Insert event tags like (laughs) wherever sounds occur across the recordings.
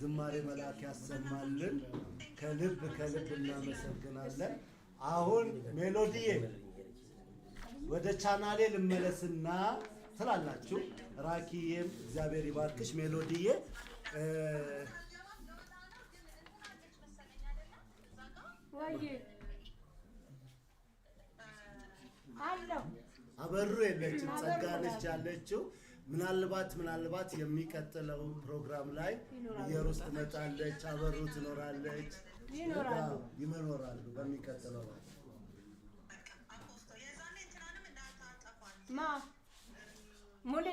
ዝማሬ መልአክ ያሰማልን። ከልብ ከልብ እናመሰግናለን። አሁን ሜሎዲዬ ወደ ቻናሌ ልመለስና ትላላችሁ። ራኪዬም እግዚአብሔር ይባርክሽ ሜሎዲዬ አበሩ የለችም፣ ነች ያለችው ምናልባት ምናልባት የሚቀጥለው ፕሮግራም ላይ እየሩስ ትመጣለች፣ አበሩ ትኖራለች፣ ይመኖራሉ። በሚቀጥለው ማ ሙሌ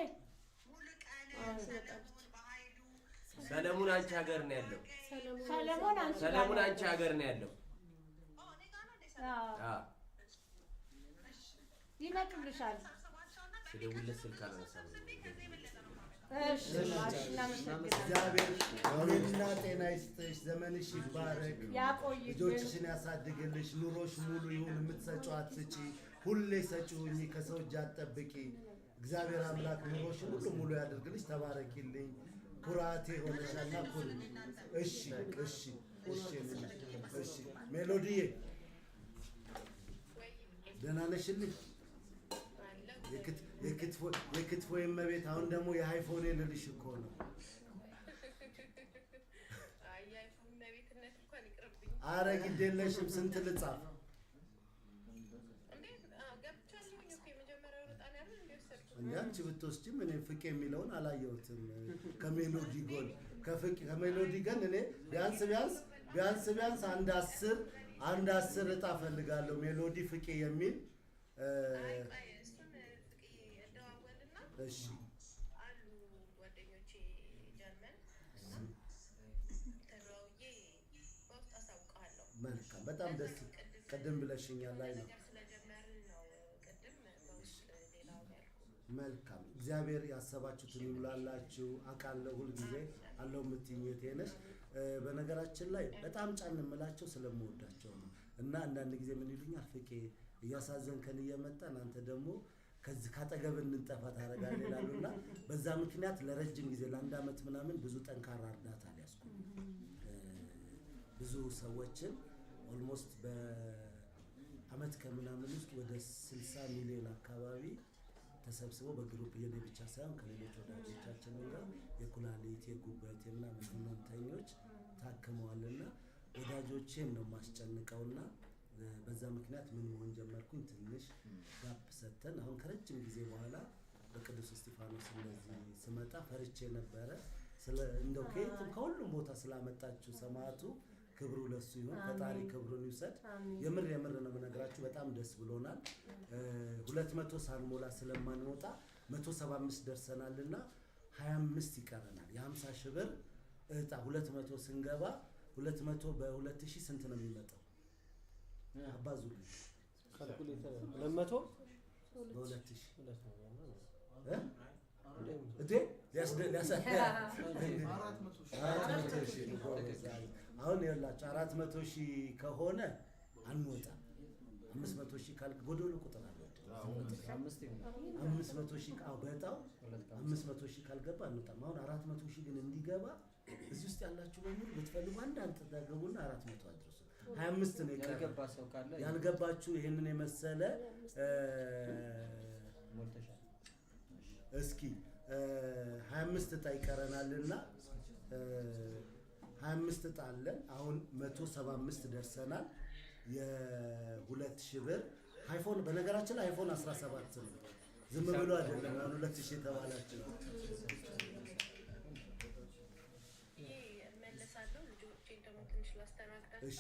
ሰለሞን አንቺ ሀገር ነው ያለው። ሰለሞን አንቺ ሀገር ነው ያለው። ይመጡልሻል ስደውልለት ስልክ አላነሳም። እግዚአብሔርና ጤና ይስጥሽ፣ ዘመንሽ ይባረክ፣ ልጆችሽን ያሳድግልሽ፣ ኑሮሽ ሙሉ ይሁን። የምትሰጪው አትስጪ፣ ሁሌ ሰጪውኝ፣ ከሰው እጅ አትጠብቂ። እግዚአብሔር አምላክ ኑሮሽን ሁሉ ሙሉ ያደርግልሽ። ተባረኪልኝ። ኩራቴ ሆነሻና ኩል እሺ፣ እሺ፣ እሺ። ሜሎዲዬ ደህና ነሽልኝ? የክትፎ የመቤት አሁን ደግሞ የአይፎን ልልሽ እኮ ነው። አረ ግድ ስንት ልጻፍ? እኛ ብትወስጂ ብትወስጂም እኔ ፍቅ የሚለውን አላየሁትም። ከሜሎዲ ጎን ከሜሎዲ ገን እኔ ቢያንስ ቢያንስ ቢያንስ ቢያንስ አንድ አስር አንድ አስር እጣ ፈልጋለሁ። ሜሎዲ ፍቄ የሚል እሺ አሉ ጓደኞቼ ጀርመን በውስጥ መልካም በጣም ደስ ቅድም ብለሽኛል ላይ ነው ስለጀመርን ነው ቅድም በውስጥ መልካም እግዚአብሔር ያሰባችሁትን ይሙላላችሁ። አውቃለሁ ሁልጊዜ አለው የምትይኝ ነሽ። በነገራችን ላይ በጣም ጫን የምላቸው ስለምወዳቸው ነው እና አንዳንድ ጊዜ ምን ይሉኛል ፍቄ እያሳዘንከን እየመጣን ደግሞ ከዚህ ካጠገብ እንጠፋ ታደርጋለህ ይላሉ እና በዛ ምክንያት ለረጅም ጊዜ ለአንድ አመት ምናምን ብዙ ጠንካራ እርዳታ ሊያስኩ ብዙ ሰዎችን ኦልሞስት በአመት ከምናምን ውስጥ ወደ 60 ሚሊዮን አካባቢ ተሰብስበው በግሩፕ የኔ ብቻ ሳይሆን ከሌሎች ወዳጆቻችን ጋር የኩላሊት የጉበት የምናምን ህመምተኞች ታክመዋልና ወዳጆቼን ነው የማስጨንቀውና በዛ ምክንያት ምን መሆን ጀመርኩኝ? ትንሽ ጋፕ ሰተን አሁን ከረጅም ጊዜ በኋላ በቅዱስ እስጢፋኖስ እንደዚህ ስመጣ ፈርቼ ነበረ። እንደው ከየትም ከሁሉም ቦታ ስላመጣችሁ ሰማዕቱ ክብሩ ለሱ ይሁን፣ ፈጣሪ ክብሩን ይውሰድ። የምር የምር ነው የምነግራችሁ፣ በጣም ደስ ብሎናል። ሁለት መቶ ሳንሞላ ስለማንወጣ መቶ ሰባ አምስት ደርሰናል ደርሰናልና ሀያ አምስት ይቀረናል። የሀምሳ ሺህ ብር እጣ ሁለት መቶ ስንገባ ሁለት መቶ በሁለት ሺህ ስንት ነው የሚመጣው? አሁን ይኸውላችሁ አራት መቶ ሺህ ከሆነ አንወጣም። አምስት መቶ ሺህ ካልክ ጎዶሎ ቁጥር አለ። አምስት መቶ ሺህ አምስት መቶ ሺህ ካልገባ አንወጣም። አሁን አራት መቶ ሺህ ግን እንዲገባ እዚህ ውስጥ ያላችሁ በሙሉ ብትፈልጉ አንድ አንጠጋገቡና አራት መቶ አድርሱ። ሀያ አምስት ነው የቀረው። ያልገባችሁ ይህንን የመሰለ እስኪ ሀያ አምስት እጣ ይቀረናልና ሀያ አምስት እጣ አለን። አሁን መቶ ሰባ አምስት ደርሰናል። የሁለት ሺህ ብር አይፎን በነገራችን ላይ አይፎን 17 ነው። ዝም ብሎ አይደለም አሁን ሁለት ሺህ ነው። እሺ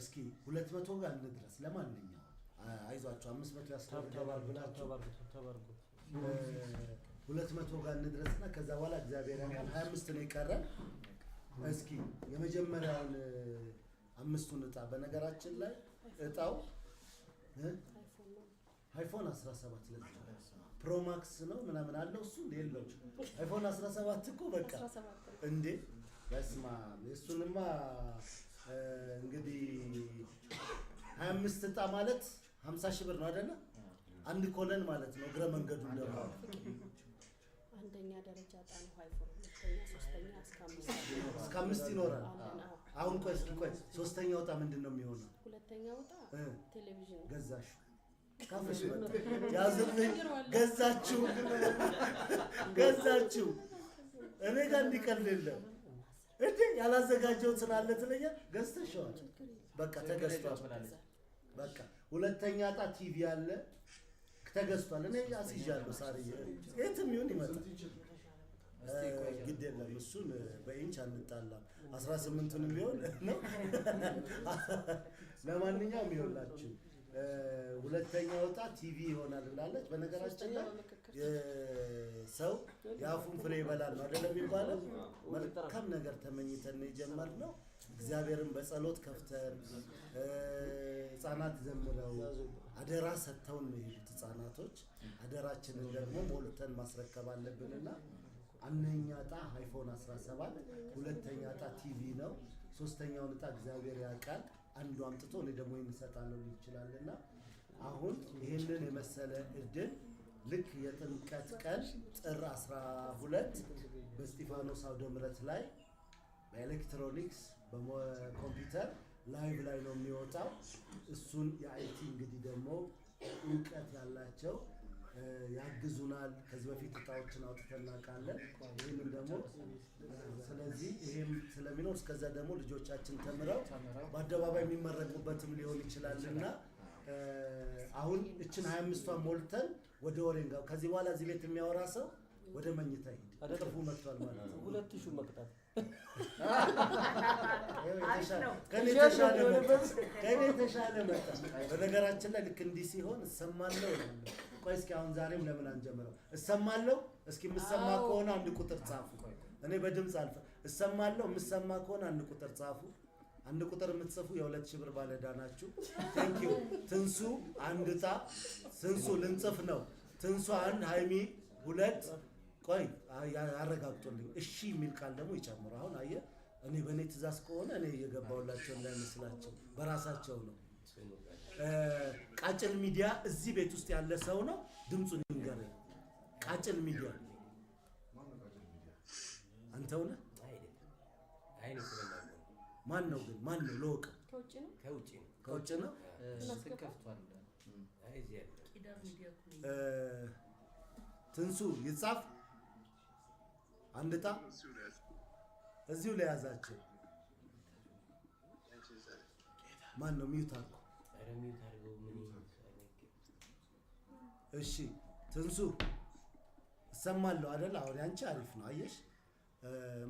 እስኪ ሁለት መቶ ጋር እንድረስ። ለማንኛውም አይዟቸው አምስት መቶ ያስተባብላቸው ሁለት መቶ ጋር እንድረስና ከዛ በኋላ እግዚአብሔር ያን ሀያ አምስት ነው የቀረን። እስኪ የመጀመሪያውን አምስቱን እጣ በነገራችን ላይ እጣው አይፎን 17 ለዚህ ፕሮማክስ ነው ምናምን አለው እሱ የለው። አይፎን 17 እኮ በቃ እንዴ! በስመ አብ እሱንማ እንግዲህ ሀያ አምስት ዕጣ ማለት ሀምሳ ሺህ ብር ነው አይደለ? አንድ ኮለን ማለት ነው። እግረ መንገዱ እንደማለት አንደኛ ደረጃ ዕጣ እስከ አምስት ይኖራል። አሁን ቆይ እስኪ ቆይ፣ ሶስተኛው ዕጣ ምንድን ነው የሚሆነው? ሁለተኛው ዕጣ ቴሌቪዥን ገዛሽ ያዝልኝ ገዛችሁ ገዛችሁ። እኔ ጋር እንዲቀልድ የለም እንዴ ያላዘጋጀውን ስላለ ትለኛ ገዝተሸዋል። በቃ ተገዝቷል። በቃ ሁለተኛ ዕጣ ቲቪ አለ ተገዝቷል። እኔ አስይዣለሁ። ሳርዬ የትም ይሁን ይመጣል። ግድ የለም እሱን በኢንች አንጣላም። አስራ ስምንቱንም ቢሆን (laughs) ነው። ለማንኛውም ይሆንላችሁ ሁለተኛ ወጣ ቲቪ ይሆናል ብላለች። በነገራችን ላይ ሰው የአፉን ፍሬ ይበላል ነው አይደለም የሚባለው። መልካም ነገር ተመኝተን ነው የጀመርነው። እግዚአብሔርን በጸሎት ከፍተን ህፃናት ዘምረው አደራ ሰጥተውን ነው የሄዱት ህጻናቶች። አደራችንን ደግሞ ሞልተን ማስረከብ አለብንና አንደኛ እጣ አይፎን 17 ሁለተኛ ጣ ቲቪ ነው። ሶስተኛውን እጣ እግዚአብሔር ያውቃል። አንዱ አምጥቶ እኔ ደግሞ የምሰጣለው ይችላል እና አሁን ይህንን የመሰለ እድል ልክ የጥምቀት ቀን ጥር 12 በስጢፋኖስ አውደ ምሕረት ላይ በኤሌክትሮኒክስ በኮምፒውተር ላይቭ ላይ ነው የሚወጣው። እሱን የአይቲ እንግዲህ ደግሞ እውቀት ያላቸው ያግዙናል። ከዚህ በፊት እቃዎችን አውጥተን እናውቃለን። ይህንም ደግሞ ስለዚህ ይህም ስለሚኖር እስከዚያ ደግሞ ልጆቻችን ተምረው በአደባባይ የሚመረቁበትም ሊሆን ይችላል እና አሁን እችን ሀያ አምስቷን ሞልተን ወደ ወሬ እንጋው። ከዚህ በኋላ እዚህ ቤት የሚያወራ ሰው ወደ መኝታ ሂድ፣ ጥፉ መጥቷል ማለት ነው። ሁለት ሺህ መቅጣት ከኔ የተሻለ መጣ። በነገራችን ላይ ልክ እንዲህ ሲሆን እሰማለሁ ቆይ እስኪ አሁን ዛሬም ለምን አንጀምረው? እሰማለሁ። እስኪ የምሰማ ከሆነ አንድ ቁጥር ጻፉ። እኔ በድምፅ አልፈ እሰማለሁ። የምሰማ ከሆነ አንድ ቁጥር ጻፉ። አንድ ቁጥር የምትጽፉ የሁለት ሺህ ብር ባለዕዳ ናችሁ። ዩ ትንሱ አንድ ዕጣ ትንሱ ልንጽፍ ነው። ትንሱ አንድ ሀይሚ ሁለት ቆይ ያረጋግጡልኝ። እሺ የሚል ቃል ደግሞ ይጨምሩ። አሁን አየ እኔ በእኔ ትእዛዝ ከሆነ እኔ እየገባሁላቸው እንዳይመስላቸው በራሳቸው ነው። ቃጭል ሚዲያ እዚህ ቤት ውስጥ ያለ ሰው ነው ድምፁን ይንገር። ቃጭል ሚዲያ አንተ ሆነ ማን ነው ግን? ማን ነው ለወቅ ከውጭ ነው ትንሱ ይጻፍ አንድጣ እዚሁ ለያዛቸው ማን ነው ሚዩት አልኩ እሺ ትንሱ እሰማለሁ አይደል? አሁን ያንቺ አሪፍ ነው። አየሽ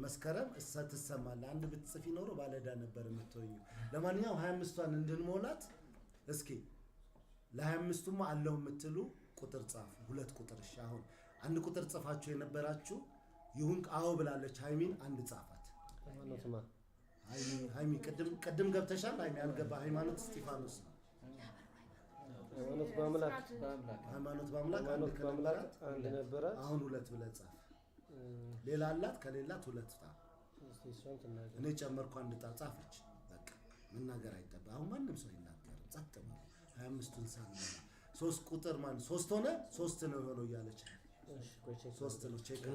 መስከረም እሰ ትሰማለህ። አንድ ብትጽፊ ኖሮ ባለዕዳ ነበር የምትሆኙ። ለማንኛውም ሀያ አምስቷን እንድንሞላት እስኪ ለሀያ አምስቱማ አለው የምትሉ ቁጥር ጻፉ። ሁለት ቁጥር እሺ። አሁን አንድ ቁጥር ጽፋችሁ የነበራችሁ ይሁን አዎ ብላለች ሀይሚን አንድ ጻፋት። ሃይሚ ቅድም ቅድም ገብተሻል። ሃይሚ አልገባ ሃይማኖት እስጢፋኖስ ሃይማኖት በአምላክ ሃይማኖት በአምላክ አንድ አሁን ሁለት ብለህ ጻፍ። ሌላ አላት ከሌላት ሁለት ጻፍ። እኔ ጨመርኩ አንድ ጣ ጻፈች። በቃ መናገር አይጠባ። አሁን ማንም ሰው ይናገርም። ጸጥ ብሎ ሀያ አምስቱን ሳ ሶስት ቁጥር ሶስት ሆነ ሶስት ነው የሆነው እያለች ሶስት ነው ጽኑ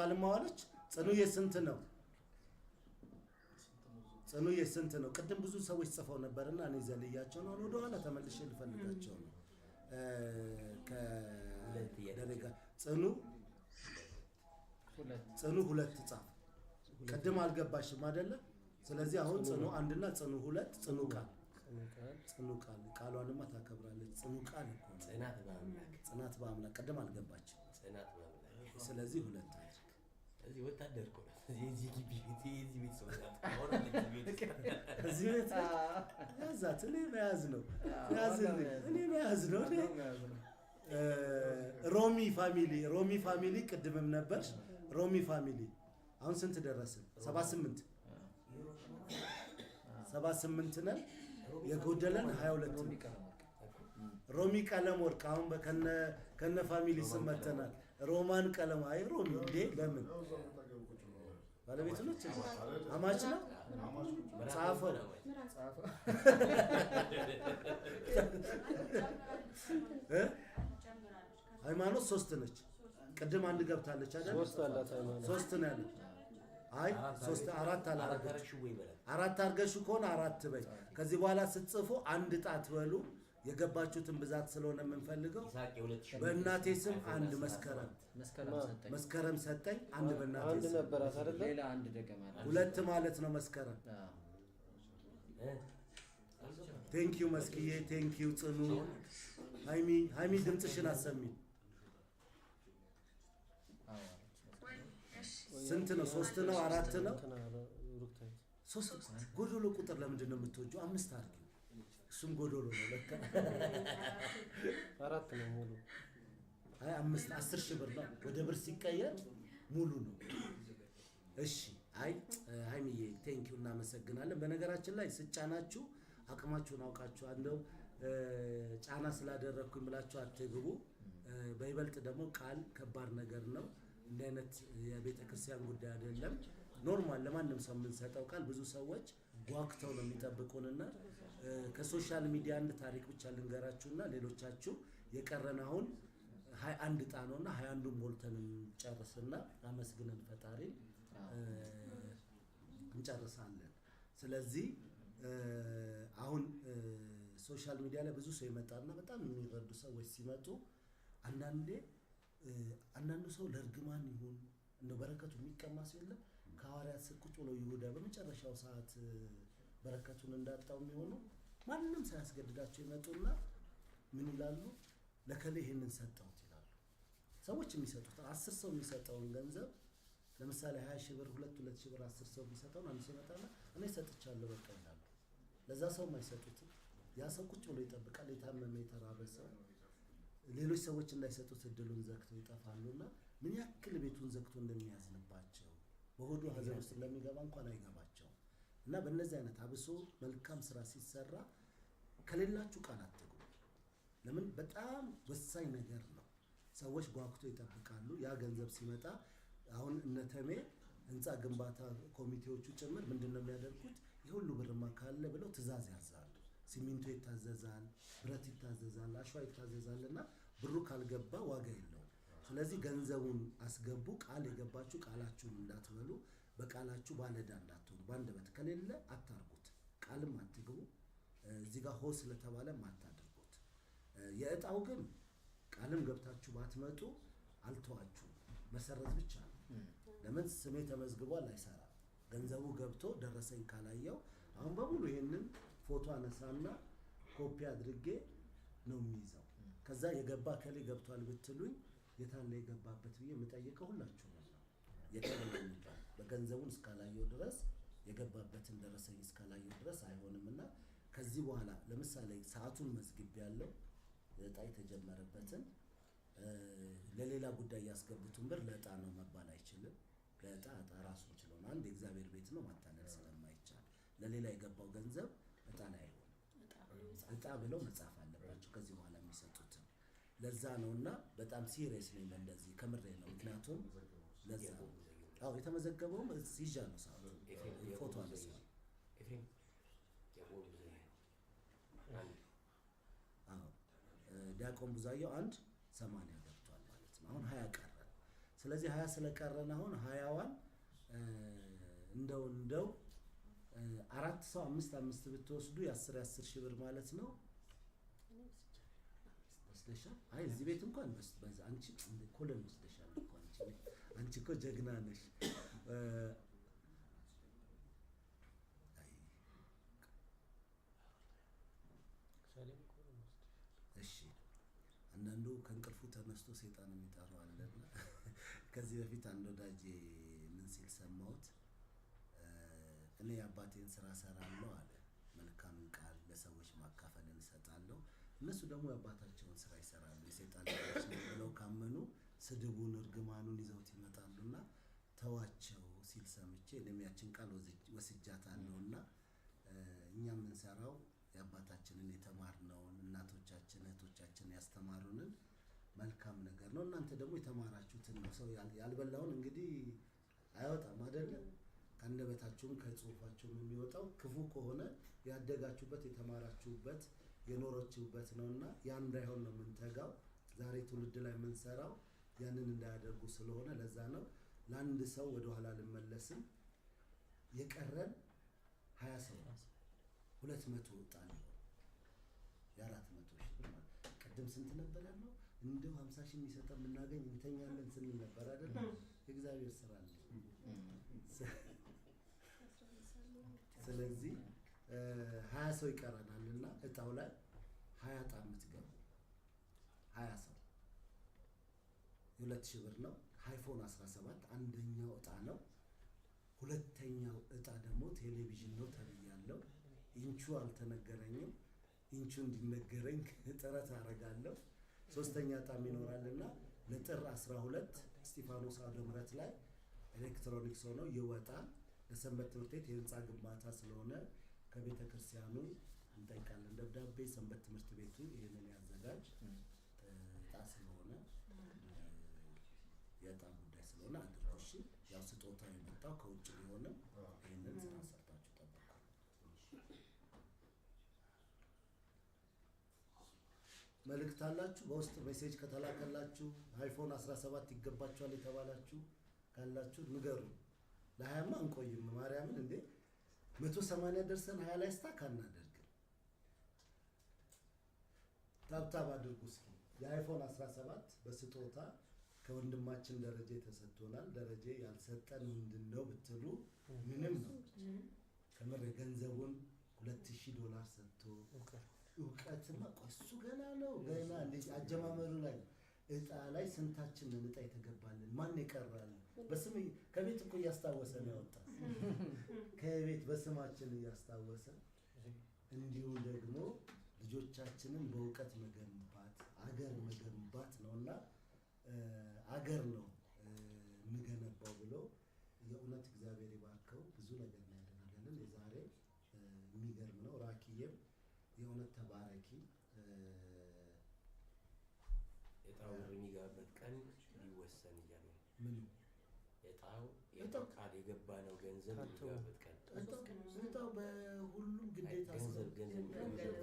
ቃል ማዋለች። ጽኑ የስንት ነው? ጽኑ የስንት ነው? ቅድም ብዙ ሰዎች ጽፈው ነበርና እኔ ዘልያቸው ነው ወደኋላ ተመልሼ ልፈልጋቸው ነው። ጽኑ ጽኑ ሁለት ጻፍ። ቅድም አልገባሽም አይደለ? ስለዚህ አሁን ጽኑ አንድና ጽኑ ሁለት ጽኑ ቃል ጽኑ ቃል ቃሏንማ ታከብራለች። ጽኑ ቃል ጽናት በአምላክ ቅድም አልገባችም። ስለዚህ ሁለት ወታደር መያዝ ነው እኔ መያዝ ነው። ሮሚ ፋሚሊ ሮሚ ፋሚሊ ቅድምም ነበር። ሮሚ ፋሚሊ አሁን ስንት ደረስን? ሰባ ስምንት ሰባ ስምንት ነን። የጎደለን ሀያ ሁለት ሮሚ ቀለም ወርቅ አሁን ከነ ፋሚሊ ስመተናል። ሮማን ቀለም አይ ሮሚ እንዴ ለምን ባለቤቱ ነች፣ አማች ነው፣ ጻፎ ነው። ሃይማኖት ሶስት ነች። ቅድም አንድ ገብታለች አይደል? ሶስት ነው ያለች። አይ ሶስት አራት አላረገች። አራት አርገሽ ከሆነ አራት በይ። ከዚህ በኋላ ስትጽፉ አንድ ጣት በሉ የገባችሁትን ብዛት ስለሆነ የምንፈልገው በእናቴ ስም አንድ መስከረም መስከረም ሰጠኝ። አንድ በእናቴ ስም ሁለት ማለት ነው። መስከረም ቴንኪዩ መስኪዬ፣ ቴንኪዩ ጽኑ። ሀይሚ ሀይሚ ድምፅሽን አሰሚ። ስንት ነው? ሶስት ነው? አራት ነው? ሶስት ጎዶሎ ቁጥር ለምንድን ነው የምትወጁ? አምስት አድርጊ እሱም ጎዶሎ ነው ለካ። አራት ነው ሙሉ አይ አምስት አስር ሺህ ብር ነው ወደ ብር ሲቀየር ሙሉ ነው። እሺ አይ ሀይሚዬ ቴንኪው እናመሰግናለን። በነገራችን ላይ ስጫናችሁ አቅማችሁን አውቃችሁ እንደው ጫና ስላደረግኩኝ ብላችሁ አትግቡ። በይበልጥ ደግሞ ቃል ከባድ ነገር ነው። እንዲህ አይነት የቤተ ክርስቲያን ጉዳይ አይደለም፣ ኖርማል ለማንም ሰው የምንሰጠው ቃል። ብዙ ሰዎች ዋክተው ነው የሚጠብቁንና ከሶሻል ሚዲያ አንድ ታሪክ ብቻ ልንገራችሁና ሌሎቻችሁ የቀረን አሁን ሀያ አንድ ነው ነውና ሀያ አንዱን ሞልተን እንጨርስና አመስግነን ፈጣሪን እንጨርሳለን። ስለዚህ አሁን ሶሻል ሚዲያ ላይ ብዙ ሰው ይመጣና በጣም የሚረዱ ሰዎች ሲመጡ አንዳንዴ አንዳንዱ ሰው ለእርግማን ይሁን እንደ በረከቱ የሚቀማ ሰው የለም። ከሐዋርያት ስር ቁጭ ብሎ ይሁዳ በመጨረሻው ሰዓት በረከቱን እንዳጣው የሚሆነው ማንም ሳያስገድዳቸው ይመጡና ምን ይላሉ? ለከሌ ይህንን ሰጠውት ይላሉ። ሰዎች የሚሰጡት አስር ሰው የሚሰጠውን ገንዘብ ለምሳሌ ሀያ ሺህ ብር ሁለት ሁለት ሺህ ብር አስር ሰው የሚሰጠውን አንድ ሰው ይመጣና እኔ ሰጥቻለሁ በቃ ይላሉ። ለዛ ሰው አይሰጡትም። ያ ሰው ቁጭ ብሎ ይጠብቃል። የታመመ የተራበ ሰው ሌሎች ሰዎች እንዳይሰጡት እድሉን ዘግተው ይጠፋሉና ምን ያክል ቤቱን ዘግቶ እንደሚያዝንባቸው በሆዱ ሀዘን ውስጥ እንደሚገባ እንኳን አይገባ እና በእነዚህ አይነት አብሶ መልካም ስራ ሲሰራ ከሌላችሁ ቃል አትግቡ። ለምን በጣም ወሳኝ ነገር ነው። ሰዎች ጓጉቶ ይጠብቃሉ። ያ ገንዘብ ሲመጣ አሁን እነተሜ ህንፃ ግንባታ ኮሚቴዎቹ ጭምር ምንድን ነው የሚያደርጉት? የሁሉ ብርማ ካለ ብለው ትዕዛዝ ያዛሉ። ሲሚንቶ ይታዘዛል፣ ብረት ይታዘዛል፣ አሸዋ ይታዘዛል እና ብሩ ካልገባ ዋጋ የለውም። ስለዚህ ገንዘቡን አስገቡ። ቃል የገባችሁ ቃላችሁን እንዳትበሉ። በቃላችሁ ባለዕዳ እንዳትሆኑ በአንደበት ከሌለ አታርጉት። ቃልም አትግቡ። እዚህ ጋር ሆ ስለተባለም አታድርጉት። የእጣው ግን ቃልም ገብታችሁ ባትመጡ አልተዋችሁ፣ መሰረዝ ብቻ ነው። ለምን ስሜ ተመዝግቧል፣ አይሰራም። ገንዘቡ ገብቶ ደረሰኝ ካላየው አሁን በሙሉ ይሄንን ፎቶ አነሳና ኮፒ አድርጌ ነው የሚይዘው። ከዛ የገባ ከሌ ገብቷል ብትሉኝ የታለ የገባበት ብዬ የምጠይቀው ሁላችሁ ነው። የተለየ የሚባል በገንዘቡን እስካላየው ድረስ የገባበትን ደረሰኝ እስካላየው ድረስ አይሆንም እና ከዚህ በኋላ ለምሳሌ ሰዓቱን መዝግብ ያለው እጣ የተጀመረበትን ለሌላ ጉዳይ ያስገቡትን ብር ለእጣ ነው መባል አይችልም። ለእጣ እጣ ራሱን ችሎ ነው። አንድ የእግዚአብሔር ቤት ነው፣ ማታለል ስለማይቻል ለሌላ የገባው ገንዘብ እጣ ላይ አይሆንም። እጣ ብለው መጻፍ አለባቸው ከዚህ በኋላ የሚሰጡትን ለዛ ነው እና በጣም ሲሪየስ ነኝ በእንደዚህ ከምሬ ነው። ምክንያቱም ለዛ ነው አዎ የተመዘገበውም እዚህ ይዣ ነው ሰዓቱ ፎቶ አለ ሰዓቱ ዲያቆን ቡዛየው አንድ ሰማንያ ገብቷል ማለት ነው። አሁን ሀያ ቀረን። ስለዚህ ሀያ ስለቀረን አሁን ሀያዋን እንደው እንደው አራት ሰው አምስት አምስት ብትወስዱ የአስር የአስር ሺህ ብር ማለት ነው ወስደሻል። አይ እዚህ ቤት እንኳን አንቺ ኮለን ወስደሻል እንኳን አንቺ እኮ ጀግና ነሽ። እሺ አንዳንዱ ከእንቅልፉ ተነስቶ ሴጣን የሚጠራው አለ። ከዚህ በፊት አንድ ወዳጄ ምን ሲል ሰማሁት? እኔ የአባቴን ስራ ሰራለሁ አለ። መልካምን ቃል ለሰዎች ማካፈልን እሰጣለሁ፣ እነሱ ደግሞ የአባታቸውን ስራ ይሰራሉ። የሴጣን ብለው ካመኑ ስድቡን እርግማኑን ይዘውት ይመጣሉና ተዋቸው ሲል ሰምቼ እኔም ያችን ቃል እና እኛ የምንሰራው የአባታችንን የተማርነውን እናቶቻችን እህቶቻችን ያስተማሩንን መልካም ነገር ነው። እናንተ ደግሞ የተማራችሁትን ነው። ሰው ያልበላውን እንግዲህ አይወጣም አይደለም። ከአንደበታችሁም ከጽሁፋችሁም የሚወጣው ክፉ ከሆነ ያደጋችሁበት የተማራችሁበት የኖረችሁበት ነው እና ያ እንዳይሆን ነው የምንተጋው። ዛሬ ትውልድ ላይ የምንሰራው ያንን እንዳያደርጉ ስለሆነ ለዛ ነው ለአንድ ሰው ወደኋላ አልመለስም። የቀረን ሀያ ሰው ሁለት መቶ ወጣ እጣን የአራት መቶ ሺህ ቅድም ስንት ነበር ያለው? እንደው ሀምሳ ሺህ የሚሰጠ የምናገኝ እንተኛለን ስንል ነበር አይደለ? እግዚአብሔር ስራ አለ። ስለዚህ ሀያ ሰው ይቀረናል እና እጣው ላይ ሀያ እጣ የምትገቡ ሀያ ሰው ሁለት ሺህ ብር ነው። አይፎን 17 አንደኛው እጣ ነው። ሁለተኛው እጣ ደግሞ ቴሌቪዥን ነው ተብያለሁ። ኢንቹ አልተነገረኝም። ኢንቹ እንዲነገረኝ ጥረት አደርጋለሁ። ሶስተኛ እጣም ይኖራልና ለጥር 12 እስጢፋኖስ አውደ ምሕረት ላይ ኤሌክትሮኒክስ ሆኖ ይወጣል። ለሰንበት ትምህርት ቤት የህንፃ ግንባታ ስለሆነ ከቤተ ክርስቲያኑ እንጠይቃለን ደብዳቤ። ሰንበት ትምህርት ቤቱ ይህንን ያዘጋጅ። የዕጣ ጉዳይ ስለሆነ አድርጎ እሺ። ያው ስጦታ የመጣው ከውጭ ቢሆንም ይህንን ስራ ሰርታችሁ ጠብቁ። መልእክት አላችሁ በውስጥ ሜሴጅ ከተላከላችሁ አይፎን 17 ይገባችኋል የተባላችሁ ካላችሁ ንገሩ። ለሀያማ እንቆይም ማርያምን እንዴ መቶ ሰማንያ ደርሰን ሀያ ላይ ስታክ አናደርግም። ታብታብ አድርጉ እስኪ የአይፎን 17 በስጦታ ከወንድማችን ደረጀ ተሰጥቶናል። ደረጀ ያልሰጠን ምንድን ነው ብትሉ ምንም ነው። ከምር ገንዘቡን ሁለት ሺህ ዶላር ሰጥቶ እውቀትማ እሱ ገና ነው ገና አጀማመሩ ላይ እጣ ላይ ስንታችንን እጣ የተገባልን ማን ይቀራል? በስም ከቤት እኮ እያስታወሰ ነው ያወጣ (laughs) ከቤት በስማችን እያስታወሰ እንዲሁ ደግሞ ልጆቻችንን በእውቀት መገንባት አገር መገንባት ነውና አገር ነው የምገነባው ብለው የእውነት እግዚአብሔር ይባርከው ብዙ ነገር ነው የዛሬ የሚገርም ነው። ራኪዬም የእውነት ተባረኪ። እጣው የሚገባበት ቀን ሊወሰን እያለ ምን እጣው ቃል የገባ ነው። ገንዘብ የሚገባበት ቀን እጣው በሁሉም ግዴታ ገንዘብ ገንዘብ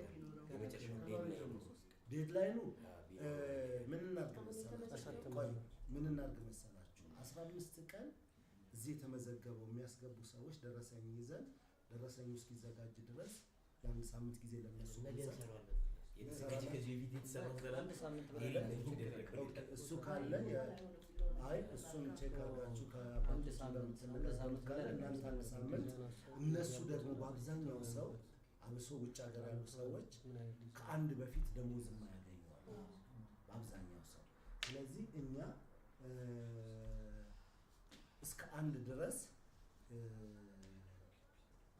ዴድላይኑ ምን ምን እናድርግ መሰላችሁ? አስራ አምስት ቀን እዚህ የተመዘገበው የሚያስገቡ ሰዎች ደረሰኝ ይዘን ደረሰኙ እስኪዘጋጅ ድረስ የአንድ ሳምንት ጊዜ ለነሱ እሱ ካለ አይ እሱን ቼክ አንድ ሳምንት እነሱ ደግሞ በአብዛኛው ሰው አብሶ ውጭ ሀገር ያሉ ሰዎች ከአንድ በፊት ደሞዝ ማ ስለዚህ እኛ እስከ አንድ ድረስ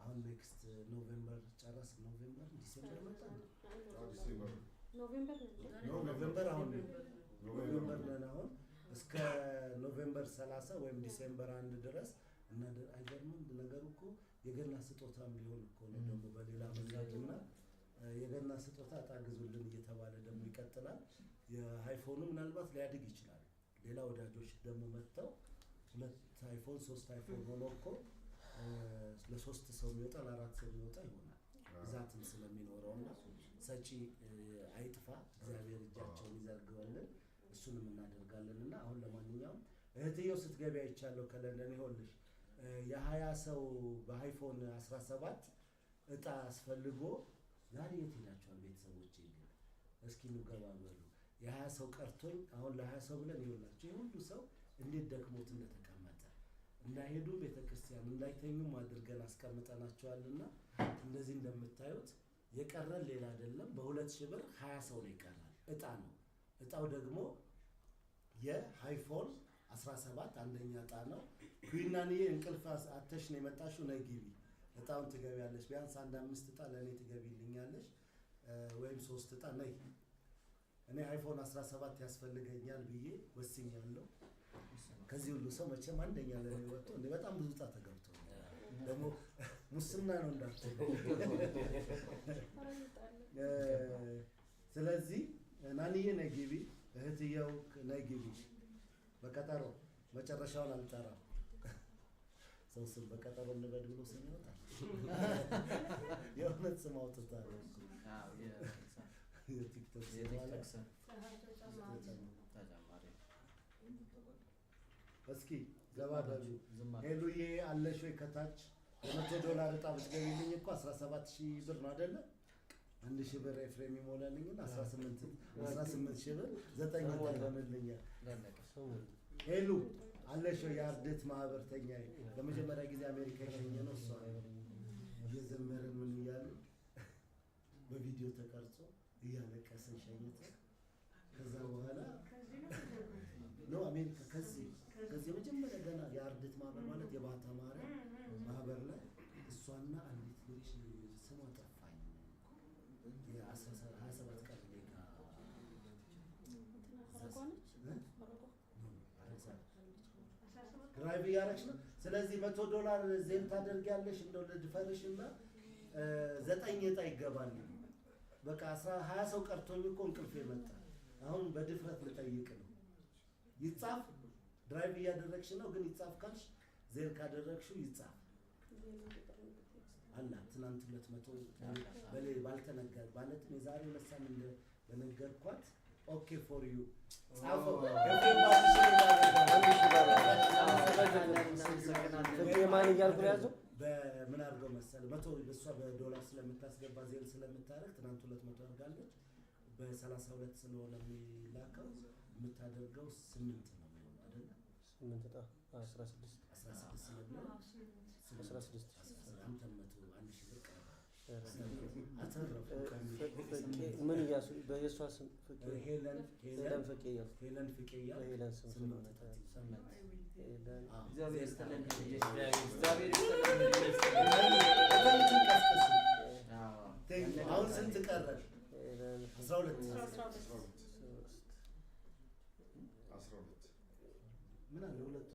አሁን ኔክስት ኖቬምበር ጨረስ ኖቬምበር ዲሴምበር ኖቬምበር አሁን ኖቬምበር ነን አሁን እስከ ኖቬምበር ሰላሳ ወይም ዲሴምበር አንድ ድረስ እና አይገርምም ነገሩ እኮ የገና ስጦታም ቢሆን እኮ ነው ደግሞ በሌላ መንገድ እና የገና ስጦታ እጣ እየተባለ ደግሞ ይቀጥላል። የአይፎኑ ምናልባት ሊያድግ ይችላል። ሌላ ወዳጆች ደግሞ መጥተው ሁለት አይፎን ሶስት አይፎን ሆኖ እኮ ለሶስት ሰው የሚወጣ ለአራት ሰው የሚወጣ ይሆናል። ብዛትም እና ሰጪ አይጥፋ፣ እግዚአብሔር እጃቸውን ይዘርግበልን። እሱንም እናደርጋለን እና አሁን ለማንኛውም እህትየው ስትገቢ አይቻለሁ ከለንደን ይሆንልሽ የሀያ ሰው በአይፎን አስራ ሰባት እጣ አስፈልጎ ዛሬ የት ይላቸዋል ቤተሰቦች? እስኪ እንገባ በሉ የሀያ ሰው ቀርቶኝ አሁን ለሀያ ሰው ብለን ይውላቸው የሁሉ ሰው እንዴት ደክሞት እንደተቀመጠ እንዳይሄዱ ቤተክርስቲያን እንዳይተኙም አድርገን አስቀምጠናቸዋልና እንደዚህ እንደምታዩት የቀረን ሌላ አይደለም። በሁለት ሺህ ብር ሀያ ሰው ነው ይቀራል። እጣ ነው። እጣው ደግሞ የሃይፎል 17 አንደኛ እጣ ነው። ኩናንዬ እንቅልፍ አተሽ ነው የመጣሽው፣ ነይ ግቢ እጣውን ትገቢያለሽ። ቢያንስ አንድ አምስት እጣ ለእኔ ትገቢልኛለሽ፣ ወይም ሶስት እጣ ነይ እኔ አይፎን 17 ያስፈልገኛል ብዬ ወስኛለሁ። ከዚህ ሁሉ ሰው መቼም አንደኛ ለኔ ወጥቶ እኔ በጣም ብዙ ጣጣ ተገብቶ ደግሞ ሙስና ነው እንዳት ስለዚህ ናንዬ ነግቢ እህትየው ነግቢ በቀጠሮ መጨረሻውን አልጠራም። ሰው ስም በቀጠሮ እንበድ ብሎ ስም ይወጣል። የእውነት ስም አውጥታ የቲክቶክ ተጨማሪ እስኪ ገባ በሉ ሄሉዬ፣ አለሽ ወይ ከታች የመቶ ዶላር እጣ ብትገቢልኝ እኮ አስራ ሺህ ብር ነው አይደለ? አንድ ሺህ ብር ኤፍሬም ይሞላልኝ እና አስራ ስምንት ሺህ ብር ዘጠኝ ይሆንልኛል። ሄሉ አለሽ ወይ ማህበርተኛ ለመጀመሪያ ጊዜ አሜሪካ የሸኘ ነው እሷ ምን እያሉ በቪዲዮ ተቀርጾ እያለቀስን ሸኝት። ከዛ በኋላ ነው አሜሪካ ከዚህ ከዚህ መጀመሪያ ገና የአርድት ማህበር ማለት የባታ ማርያም ማህበር ላይ እሷና አንዲት ስሟ ጠፋኝ የሀያ ሰባት ቀን ሌጋ ድራይቭ እያደረግሽ ነው። ስለዚህ መቶ ዶላር ዜን ታደርጊያለሽ እንደው ልድፈርሽ እና ዘጠኝ ጣ ይገባል። በቃ አስራ ሀያ ሰው ቀርቶኝ እኮ እንቅልፍ የመጣ አሁን በድፍረት ልጠይቅ ነው። ይጻፍ ድራይቭ እያደረግሽ ነው ግን ይጻፍ ካልሽ ዜር ካደረግሽው ይጻፍ አላ ትናንት ሁለት መቶ በሌ ባልተነገር ማለትም የዛሬ ሁለት እንደ በነገርኳት ኦኬ ፎር ዩ ማን ያዘው በምን አድርገው መሰለ መቶ እሷ በዶላር ስለምታስገባ ዜል ስለምታደርግ ትናንት ሁለት መቶ አድርጋለች። በሰላሳ ሁለት ስለሆነ የሚላከው የምታደርገው ስምንት ነው የሚሆን አይደለ? ስምንት ዕጣ አስራ ስድስት አስራ ስድስት ስለሚሆን አስራ ስድስት አንተን መቶ ምን እያሱ በየሷ ስም ሄለን ፍቄ ሄለን ስም ስለሆነ አሁን ስንት ቀረ? አስራ ሁለት ምን አለ ሁለቱ